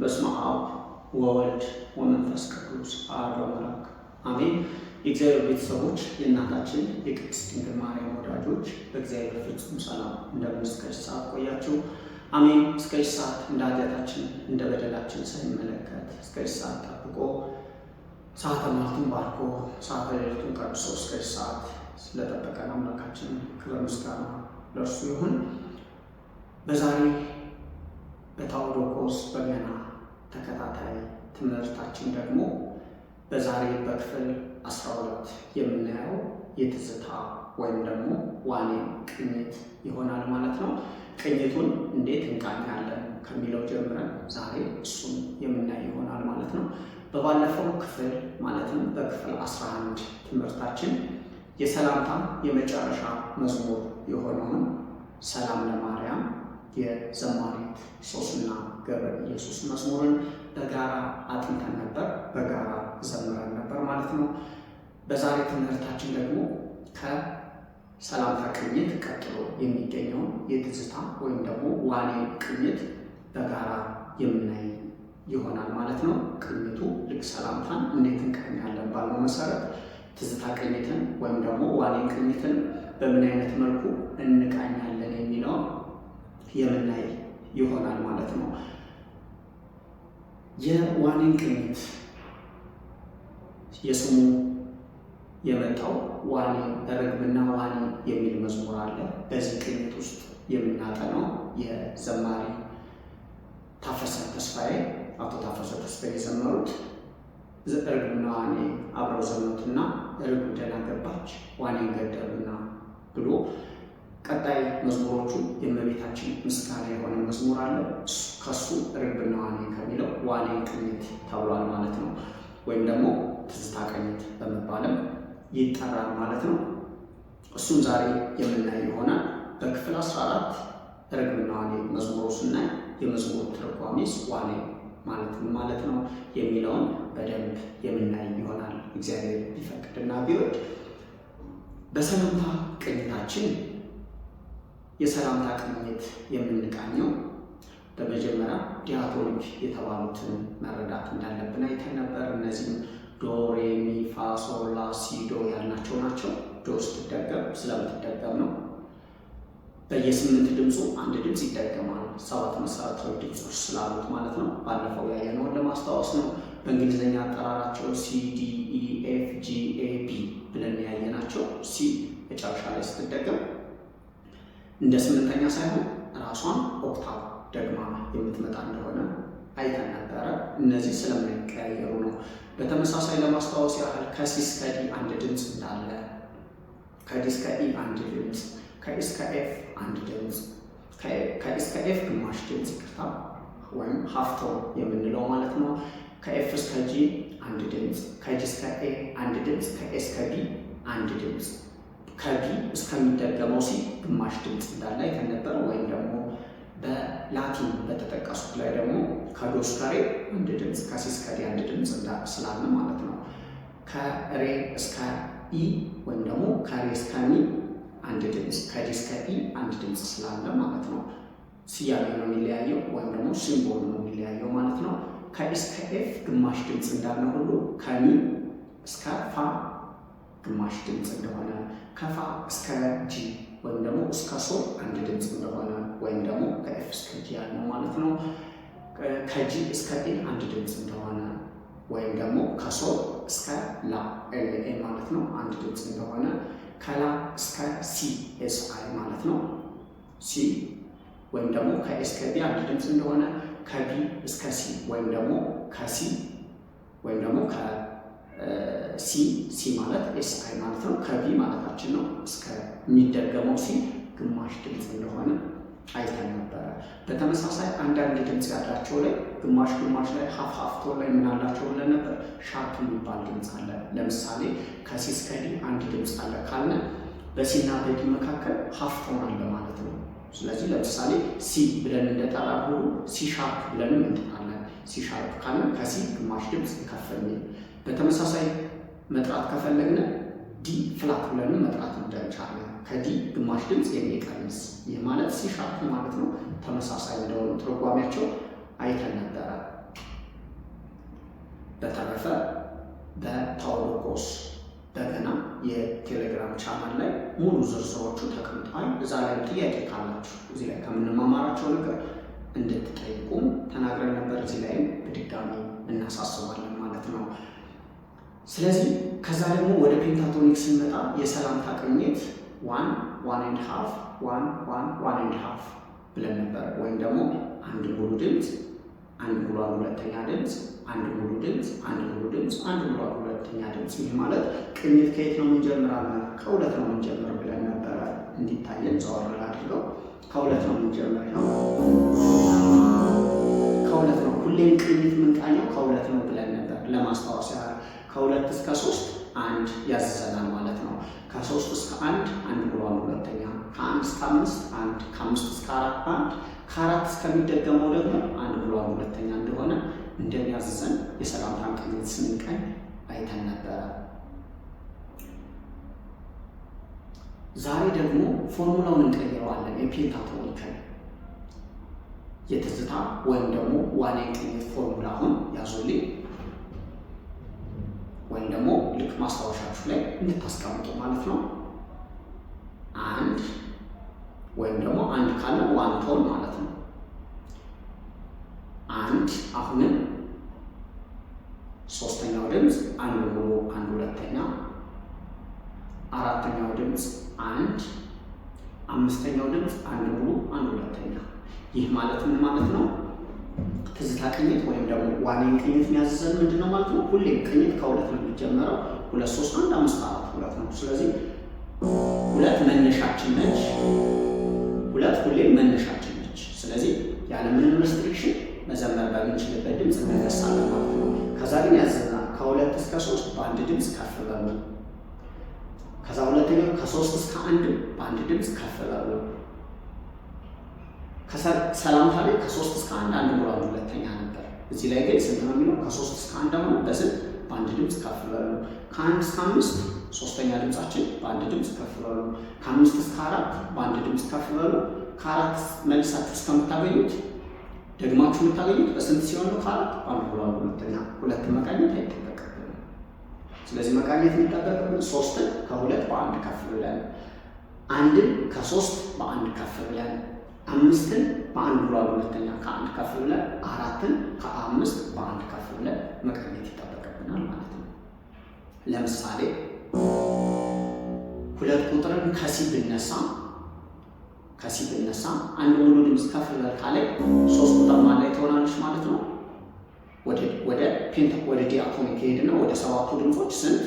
በስመ አብ ወወልድ ወመንፈስ ቅዱስ አሐዱ አምላክ አሜን። የእግዚአብሔር ቤተሰቦች፣ የእናታችን የቅድስት ድንግል ማርያም ወዳጆች በእግዚአብሔር ፍጹም ሰላም እንደምን እስከች ሰዓት ቆያችሁ? አሜን። እስከች ሰዓት እንደ ኃጢአታችን እንደ በደላችን ሳይመለከት እስከች ሰዓት ጠብቆ ሰዓተ ማልቱን ባርኮ ሰዓተ ሌሊቱን ቀድሶ እስከች ሰዓት ስለጠበቀን አምላካችን ክብር ምስጋና ለእርሱ ይሁን። በዛሬ በታወዶ ጳውሎስ በገና ተከታታይ ትምህርታችን ደግሞ በዛሬ በክፍል 12 የምናየው የትዝታ ወይም ደግሞ ዋኔ ቅኝት ይሆናል ማለት ነው። ቅኝቱን እንዴት እንቃኛለን ከሚለው ጀምረን ዛሬ እሱን የምናይ ይሆናል ማለት ነው። በባለፈው ክፍል ማለትም በክፍል 11 ትምህርታችን የሰላምታ የመጨረሻ መዝሙር የሆነውን ሰላም ለማ የዘማሪት ሶስና ገብረ ኢየሱስ መዝሙርን በጋራ አጥንተን ነበር፣ በጋራ ዘምረን ነበር ማለት ነው። በዛሬ ትምህርታችን ደግሞ ከሰላምታ ቅኝት ቀጥሎ የሚገኘውን የትዝታ ወይም ደግሞ ዋኔ ቅኝት በጋራ የምናይ ይሆናል ማለት ነው። ቅኝቱ ልክ ሰላምታን እንዴት እንቀኛለን ባለው መሰረት ትዝታ ቅኝትን ወይም ደግሞ ዋኔ ቅኝትን በምን አይነት መልኩ እንቃኛለን የሚለውን የምናይ ይሆናል ማለት ነው። የዋኒን ቅኝት የስሙ የመጣው ዋኔ ርግብና ዋኔ የሚል መዝሙር አለ። በዚህ ቅኝት ውስጥ የምናጠናው የዘማሪ ታፈሰ ተስፋዬ አቶ ታፈሰ ተስፋዬ የዘመሩት ርግብና ዋኒ አብረው ዘመቱና ቀጣይ መዝሙሮቹ የእመቤታችን ምስጋና የሆነ መዝሙር አለ። ከሱ ርብና ዋኔ ከሚለው ዋሌ ቅኝት ተብሏል ማለት ነው። ወይም ደግሞ ትዝታ ቅኝት በመባልም ይጠራል ማለት ነው። እሱም ዛሬ የምናይ ይሆናል። በክፍል 14 ርግብና ዋኔ መዝሙሮ ስናይ የመዝሙሩ ትርጓሜስ ዋኔ ማለት ማለት ነው የሚለውን በደንብ የምናይ ይሆናል። እግዚአብሔር ቢፈቅድና ቢወድ በሰላምታ ቅኝታችን የሰላምታ ቅኝት የምንቃኘው በመጀመሪያ ዲያቶኒክ የተባሉትን መረዳት እንዳለብን አይተን ነበር። እነዚህም ዶ ሬሚ ፋሶላ ሲዶ ያልናቸው ናቸው። ዶ ስትደገም ስለምትደገም ነው። በየስምንት ድምፁ አንድ ድምፅ ይደገማል። ሰባት መሰረታዊ ድምፆች ስላሉት ማለት ነው። ባለፈው ያየነውን ለማስታወስ ነው። በእንግሊዝኛ አጠራራቸው ሲዲኢኤፍጂኤቢ ብለን ያየናቸው ሲ መጨረሻ ላይ ስትደገም እንደ ስምንተኛ ሳይሆን ራሷን ኦክታብ ደግማ የምትመጣ እንደሆነ አይተን ነበረ። እነዚህ ስለማይቀያየሩ ነው። በተመሳሳይ ለማስታወስ ያህል ከሲ እስከ ዲ አንድ ድምፅ እንዳለ፣ ከዲ እስከ ኢ አንድ ድምፅ፣ ከኢ እስከ ኤፍ አንድ ድምፅ፣ ከኢ እስከ ኤፍ ግማሽ ድምፅ ይቅርታ፣ ወይም ሀፍቶ የምንለው ማለት ነው። ከኤፍ እስከ ጂ አንድ ድምፅ፣ ከጂ እስከ ኤ አንድ ድምፅ፣ ከኤ እስከ ቢ አንድ ድምፅ ከቢ እስከሚደገመው ሲ ግማሽ ድምፅ እንዳለ አይተን ነበር። ወይም ደግሞ በላቲን በተጠቀሱት ላይ ደግሞ ከዶ እስከ ሬ አንድ ድምፅ ከሲ እስከ ዲ አንድ ድምፅ ስላለ ማለት ነው። ከሬ እስከ ኢ ወይም ደግሞ ከሬ እስከ ሚ አንድ ድምፅ ከዲ እስከ ኢ አንድ ድምፅ ስላለ ማለት ነው። ስያሜ ነው የሚለያየው ወይም ደግሞ ሲምቦል ነው የሚለያየው ማለት ነው። ከኢስከ ኤፍ ግማሽ ድምፅ እንዳለ ሁሉ ከሚ እስከ ፋ ግማሽ ድምፅ እንደሆነ ከፋ እስከ ጂ ወይም ደግሞ እስከ ሶ አንድ ድምፅ እንደሆነ ወይም ደግሞ ከኤፍ እስከ ጂ ያለው ማለት ነው። ከጂ እስከ ኤ አንድ ድምፅ እንደሆነ ወይም ደግሞ ከሶ እስከ ላ ኤልኤ ማለት ነው አንድ ድምፅ እንደሆነ ከላ እስከ ሲ ኤስ አይ ማለት ነው ሲ ወይም ደግሞ ከኤ እስከ ቢ አንድ ድምፅ እንደሆነ ከቢ እስከ ሲ ወይም ደግሞ ከሲ ወይም ደግሞ ሲ ሲ ማለት ኤስ አይ ማለት ነው። ከቢ ማለታችን ነው። እስከሚደገመው ሲ ግማሽ ድምፅ እንደሆነ አይተን ነበረ። በተመሳሳይ አንዳንድ ድምፅ ያላቸው ላይ ግማሽ ግማሽ ላይ ሀፍ ሀፍቶ ላይ ምናላቸው ብለን ነበር። ሻርፕ የሚባል ድምፅ አለ። ለምሳሌ ከሲ እስከ ዲ አንድ ድምፅ አለ ካልነ በሲና በዲ መካከል ሀፍ ቶን አለ ማለት ነው። ስለዚህ ለምሳሌ ሲ ብለን እንደጠራ ሁሉ ሲ ሻርፕ ብለንም እንጠራለን። ሲ ሻርፕ ካለ ከሲ ግማሽ ድምፅ ከፍ የሚል በተመሳሳይ መጥራት ከፈለግን ዲ ፍላት ብለን መጥራት እንችላለን። ከዲ ግማሽ ድምፅ የሚቀንስ ይህ ማለት ሲ ሻርፕ ማለት ነው። ተመሳሳይ እንደሆኑ ትርጓሜያቸው አይተን ነበረ። በተረፈ በታዎዶኮስ በገና የቴሌግራም ቻናል ላይ ሙሉ ዝርዝሮቹ ተቀምጠዋል። እዛ ላይም ጥያቄ ካላችሁ እዚህ ላይ ከምንማማራቸው ነገር እንድትጠይቁም ተናግረን ነበር። እዚህ ላይም በድጋሚ እናሳስባለን ማለት ነው። ስለዚህ ከዛ ደግሞ ወደ ፔንታቶኒክ ስንመጣ የሰላምታ ቅኝት ዋን ዋን ኤንድ ሃፍ ዋን ዋን ዋን ኤንድ ሃፍ ብለን ነበር። ወይም ደግሞ አንድ ሙሉ ድምፅ፣ አንድ ሙሉ አንድ ሁለተኛ ድምፅ፣ አንድ ሙሉ ድምፅ፣ አንድ ሙሉ ድምፅ፣ አንድ ሙሉ አንድ ሁለተኛ ድምፅ። ይህ ማለት ቅኝት ከየት ነው የምንጀምራለን? ከሁለት ነው የምንጀምር ብለን ነበረ። እንዲታየን ጸዋር አድርገው ከሁለት ነው የምንጀምር ነው። ከሁለት ነው ሁሌም ቅኝት የምንቃኘው ከሁለት ነው ብለን ነበር ለማስታወስ ያህል ከሁለት እስከ ሶስት አንድ ያዘናል ማለት ነው። ከሶስት እስከ አንድ አንድ ብሏል። ሁለተኛ ከአንድ እስከ አምስት አንድ፣ ከአምስት እስከ አራት አንድ፣ ከአራት እስከሚደገመው ደግሞ አንድ ብሏል። ሁለተኛ እንደሆነ እንደሚያዝዘን የሰላምታ ቅኝት ስንቀኝ አይተን ነበረ። ዛሬ ደግሞ ፎርሙላውን እንቀይረዋለን። የፔንታቶኒክን የትዝታ ወይም ደግሞ ዋና የቅኝት ፎርሙላ ፎርሙላውን ያዙልኝ። ወይም ደግሞ ልክ ማስታወሻችሁ ላይ እንድታስቀምጡ ማለት ነው። አንድ ወይም ደግሞ አንድ ካለ ዋን ቶን ማለት ነው። አንድ አሁንም ሶስተኛው ድምፅ አንድ ሙሉ አንድ ሁለተኛ፣ አራተኛው ድምፅ አንድ፣ አምስተኛው ድምፅ አንድ ሙሉ አንድ ሁለተኛ። ይህ ማለት ምን ማለት ነው? ትዝታ ቅኝት ወይም ደግሞ ዋነኝ ቅኝት የሚያዘን ምንድን ነው ማለት ነው? ሁሌም ቅኝት ከሁለት ነው የሚጀመረው። ሁለት ሶስት አንድ አምስት አራት ሁለት ነው። ስለዚህ ሁለት መነሻችን ነች። ሁለት ሁሌም መነሻችን ነች። ስለዚህ ያለምንም ሬስትሪክሽን መዘመር በምንችልበት ድምፅ እንነሳለን ማለት ነው። ከዛ ግን ያዘና ከሁለት እስከ ሶስት በአንድ ድምፅ ከፍ በሉ። ከዛ ሁለተኛው ከሶስት እስከ አንድ በአንድ ድምፅ ከፍ በሉ። ሰላም ታዲያ ከሶስት እስከ አንድ አንድ ሙላል ሁለተኛ ነበር። እዚህ ላይ ግን ስንት ነው የሚለው? ከሶስት እስከ አንድ ሆነ በስንት በአንድ ድምፅ ከፍ በሉ። ከአንድ እስከ አምስት ሶስተኛ ድምፃችን በአንድ ድምፅ ከፍ በሉ። ከአምስት እስከ አራት በአንድ ድምፅ ከፍ በሉ። ከአራት መልሳችሁ እስከምታገኙት ደግማችሁ የምታገኙት በስንት ሲሆን ነው? ከአራት በአንድ ሙላል ሁለተኛ። ሁለት መቃኘት አይጠበቅብንም። ስለዚህ መቃኘት የሚጠበቅብን ሶስትን ከሁለት በአንድ ከፍ ብለን አንድን ከሶስት በአንድ ከፍ ብለን አምስትን በአንድ ሩባ ሁለተኛ ከአንድ ከፍ ብለ አራትን ከአምስት በአንድ ከፍ ብለ መቀኘት ይጠበቅብናል ማለት ነው። ለምሳሌ ሁለት ቁጥርን ከሲ ብነሳ ከሲ ብነሳ አንድ ሙሉ ድምፅ ከፍ ብለ ካለ ሶስት ቁጥር ማላይ ትሆናለች ማለት ነው። ወደ ፔንታ ወደ ዲያኮኒክ ሄድና ወደ ሰባቱ ድምፆች ስንት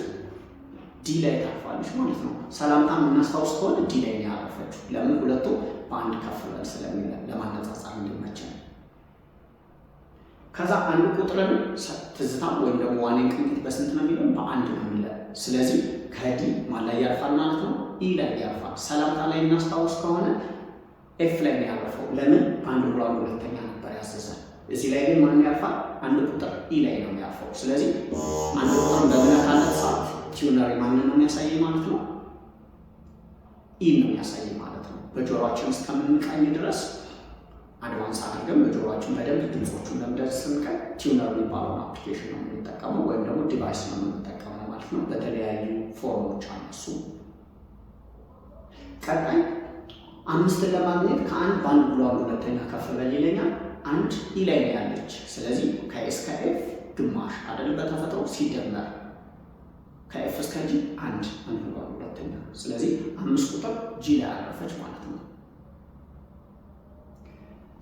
ዲ ላይ ታርፋለች ማለት ነው። ሰላምታ የምናስታውስ ከሆነ ዲ ላይ ነው ያረፈችው። ለምን ሁለቱ በአንድ ከፍ በል ስለሚለ ለማነጻጸር እንዲመቸን ከዛ አንድ ቁጥርን ትዝታ ወይም ደግሞ ዋኔን ቅንጅት በስንት ነው የሚለው በአንድ ነው የሚለ ስለዚህ ከዲ ማን ላይ ያርፋል ማለት ነው ኢ ላይ ያርፋል ሰላምታ ላይ እናስታውስ ከሆነ ኤፍ ላይ ነው ያረፈው ለምን አንድ ብሏል ሁለተኛ ነበር ያዘዛል እዚህ ላይ ግን ማን ያርፋል አንድ ቁጥር ኢ ላይ ነው የሚያርፈው ስለዚህ አንድ ቁጥር በምነት አለት ሰዓት ቲዩነሪ ማንን ነው የሚያሳየኝ ማለት ነው ኢን ነው የሚያሳይ ማለት ነው። በጆሮአችን እስከምንቃኝ ድረስ አድቫንስ አድርገን በጆሮአችን በደንብ ድምፆቹን ለምደር ስንቀኝ ቲዩነር የሚባለውን አፕሊኬሽን ነው የምንጠቀመው ወይም ደግሞ ዲቫይስ ነው የምንጠቀመው ማለት ነው። በተለያዩ ፎርሞች አነሱ። ቀጣይ አምስትን ለማግኘት ከአንድ በአንድ ብሎ ሁለተኛ ከፍ በል ይለኛል። አንድ ኢላይ ያለች ስለዚህ ከኤስ ከኤፍ ግማሽ አደል በተፈጥሮ ሲደመር ከኤፍ እስከ ጂ አንድ አንድ ሁለተኛ ስለዚህ አምስት ቁጥር ጂ ላይ አረፈች ማለት ነው።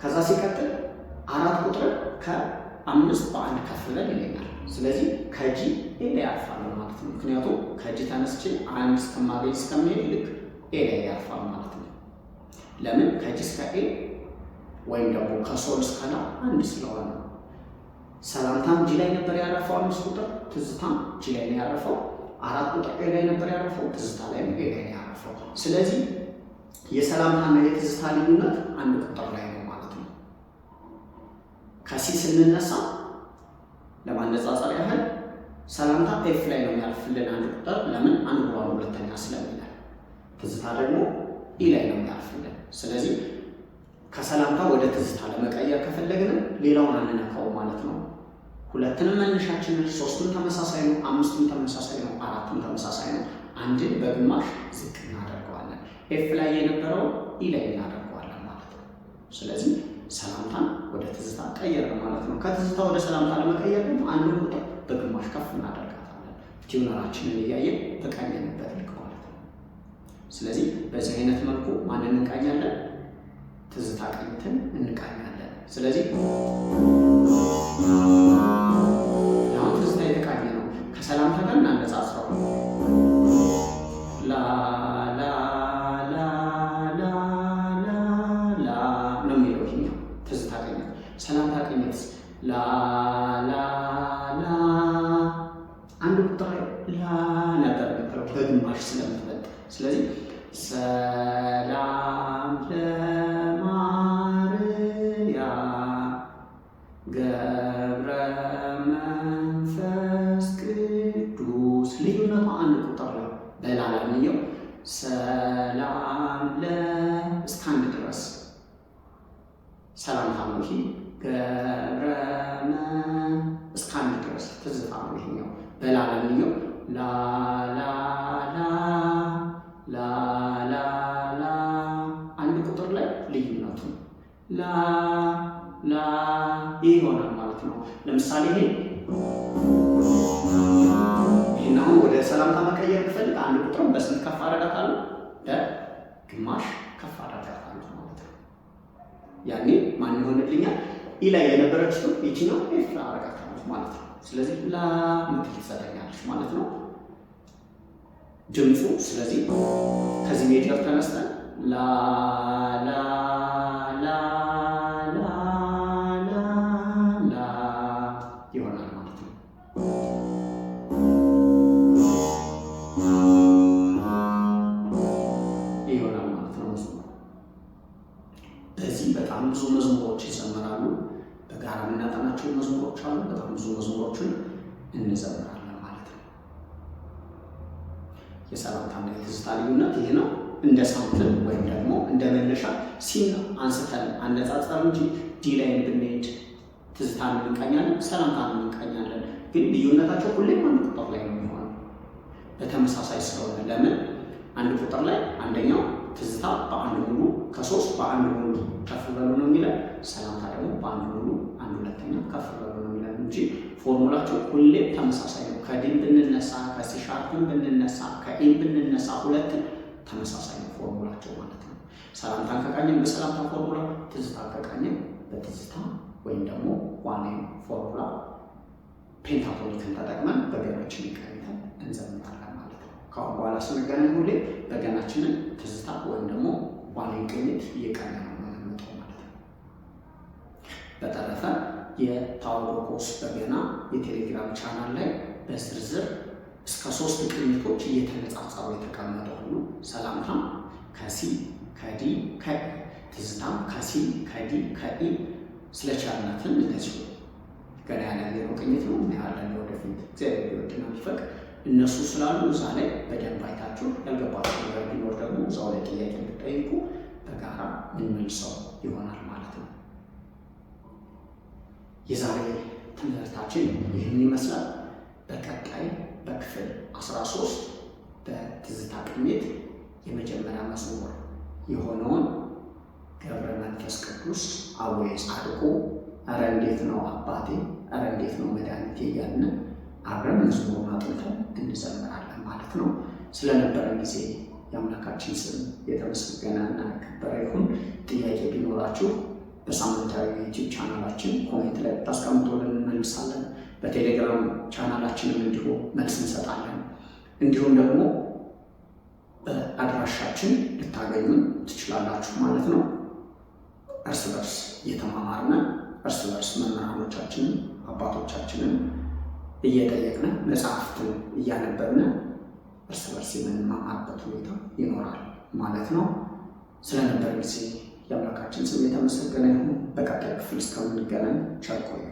ከዛ ሲቀጥል አራት ቁጥር ከአምስት በአንድ ከፍ ብለን ይለኛል። ስለዚህ ከጂ ኤ ላይ ያርፋል ማለት ነው። ምክንያቱም ከጂ ተነስች አንድ እስከማገኝ እስከሚሄድ ልክ ኤ ላይ ያርፋል ማለት ነው። ለምን ከጂ እስከ ኤ ወይም ደግሞ ከሶል እስከ ላ አንድ ስለሆነ ሰላምታም ጂ ላይ ነበር ያረፈው አምስት ቁጥር ትዝታም ጂ ላይ ነው ያረፈው አራቱ ጠቅላይ ላይ ነበር ያረፈው፣ ትዝታ ላይ ነው ላይ ያረፈው። ስለዚህ የሰላምታና የትዝታ ልዩነት አንድ ቁጥር ላይ ነው ማለት ነው። ከሲ ስንነሳ ለማነጻጸር ያህል ሰላምታ ኤፍ ላይ ነው የሚያርፍልን አንድ ቁጥር። ለምን አንድ ብሏል፣ ሁለተኛ ስለሚላል። ትዝታ ደግሞ ኢ ላይ ነው የሚያርፍልን። ስለዚህ ከሰላምታ ወደ ትዝታ ለመቀየር ከፈለግንም ሌላውን አንነካው ማለት ነው። ሁለትንም መነሻችን ነች። ተመሳሳይ ነው። አምስቱን ተመሳሳይ ነው። አራትም ተመሳሳይ ነው። አንድን በግማሽ ዝቅ እናደርገዋለን። ኤፍ ላይ የነበረው ኢ ላይ እናደርገዋለን ማለት ነው። ስለዚህ ሰላምታን ወደ ትዝታ ቀየር ማለት ነው። ከትዝታ ወደ ሰላምታ ለመቀየር ደግሞ አንዱን ቁጥር በግማሽ ከፍ እናደርጋታለን። ቲዩነራችንን እያየን ተቃኘንበት ልክ ማለት ነው። ስለዚህ በዚህ አይነት መልኩ ማንን እንቃኛለን? ትዝታ ቀኝትን እንቃኛለን። ስለዚህ it's i ሰላም ለ እስከ አንድ ድረስ ሰላም ታምኪ ገረመ እስከ አንድ ድረስ ትዝታ ነው። ይሄኛው በላለምኛው ላላላ ላላላ አንድ ቁጥር ላይ ልዩነቱ ላ ይሆናል ማለት ነው። ለምሳሌ ይሄ ነው ወደ ሰላምታ መቀየር ብፈልግ አንድ ቁጥርም በስንት ከፍ አደርጋታለሁ? በግማሽ ከፍ አደርጋታለሁ ማለት ነው። ያኔ ማን ይሆንልኛል? ኢ ላይ የነበረችው ነው፣ ኤፍ አደርጋታለሁ ማለት ነው። ስለዚህ ላ ምትል ትሰጠኛለች ማለት ነው ድምፁ። ስለዚህ ከዚህ ሜጀር ተነስተን ላ ላ ላ አነጻጸር እንጂ ዲ ላይ ብንሄድ ትዝታን እንቀኛለን ሰላምታን እንቀኛለን። ግን ልዩነታቸው ሁሌም አንድ ቁጥር ላይ ነው የሚሆነው በተመሳሳይ ስለሆነ ለምን አንድ ቁጥር ላይ አንደኛው ትዝታ በአንድ ሙሉ ከሶስት በአንድ ሙሉ ከፍ በሉ ነው የሚለን፣ ሰላምታ ደግሞ በአንድ ሙሉ አንድ ሁለተኛ ከፍ በሉ ነው የሚለን እንጂ ፎርሙላቸው ሁሌም ተመሳሳይ ነው። ከዲን ብንነሳ፣ ከሲሻርፕን ብንነሳ፣ ከኢን ብንነሳ ሁለትን ተመሳሳይ ነው ፎርሙላቸው ማለት ነው። ሰላምታን ከቃኘን በሰላምታ ፎርሙላ፣ ትዝታን ከቃኘን በትዝታ ወይም ደግሞ ዋናዊ ፎርሙላ ፔንታቶኒክን ተጠቅመን በገናችን ይቀኝታል እንዘምራለን ማለት ነው። ከአሁን በኋላ ስንገናኝ ሁሌ በገናችንን ትዝታ ወይም ደግሞ ዋናዊ ቅኝት እየቀኘ ነው የምንመጣው ማለት ነው። በተረፈ የታወቆስ በገና የቴሌግራም ቻናል ላይ በዝርዝር እስከ ሶስት ቅኝቶች እየተነጻጸሩ የተቀመጠ ሁሉ ሰላምታም ከሲ ከዲ ከትዝታም ከሲ ከዲ ከኢ ስለቻልናትን ቻልናትን ገና ያለ ቅኝት ነው ያለን ወደፊት እግዚአብሔር ይወድና ቢፈቅ እነሱ ስላሉ እዛ ላይ በደንብ አይታችሁ ያልገባችሁ ነገር ቢኖር ደግሞ እዛው ላይ ጥያቄ እንድጠይቁ በጋራ የምንመልሰው ይሆናል ማለት ነው። የዛሬ ትምህርታችን ይህን ይመስላል። በቀጣይ በክፍል 13 በትዝታ ቅኝት የመጀመሪያ መዝሙር የሆነውን ገብረ መንፈስ ቅዱስ አወ ጻድቁ፣ እረ እንዴት ነው አባቴ፣ እረ እንዴት ነው መድኃኒቴ እያልን አብረን መዝሙሩን አጥንተን እንዘምራለን ማለት ነው። ስለነበረን ጊዜ የአምላካችን ስም የተመሰገነና ከበረ ይሁን። ጥያቄ ቢኖራችሁ በሳምንታዊ ዩቲዩብ ቻናላችን ኮሜንት ላይ ታስቀምጦልን እንመልሳለን። በቴሌግራም ቻናላችንም እንዲሁ መልስ እንሰጣለን። እንዲሁም ደግሞ በአድራሻችን ልታገኙ ትችላላችሁ ማለት ነው። እርስ በርስ እየተማማርነ እርስ በርስ መምህራኖቻችንን አባቶቻችንን እየጠየቅነ መጽሐፍትን እያነበብነ እርስ በርስ የምንማማርበት ሁኔታ ይኖራል ማለት ነው። ስለነበር ጊዜ የአምላካችን ስም የተመሰገነ ይሁን። በቀጣይ ክፍል እስከምንገናኝ ቸር ቆዩ።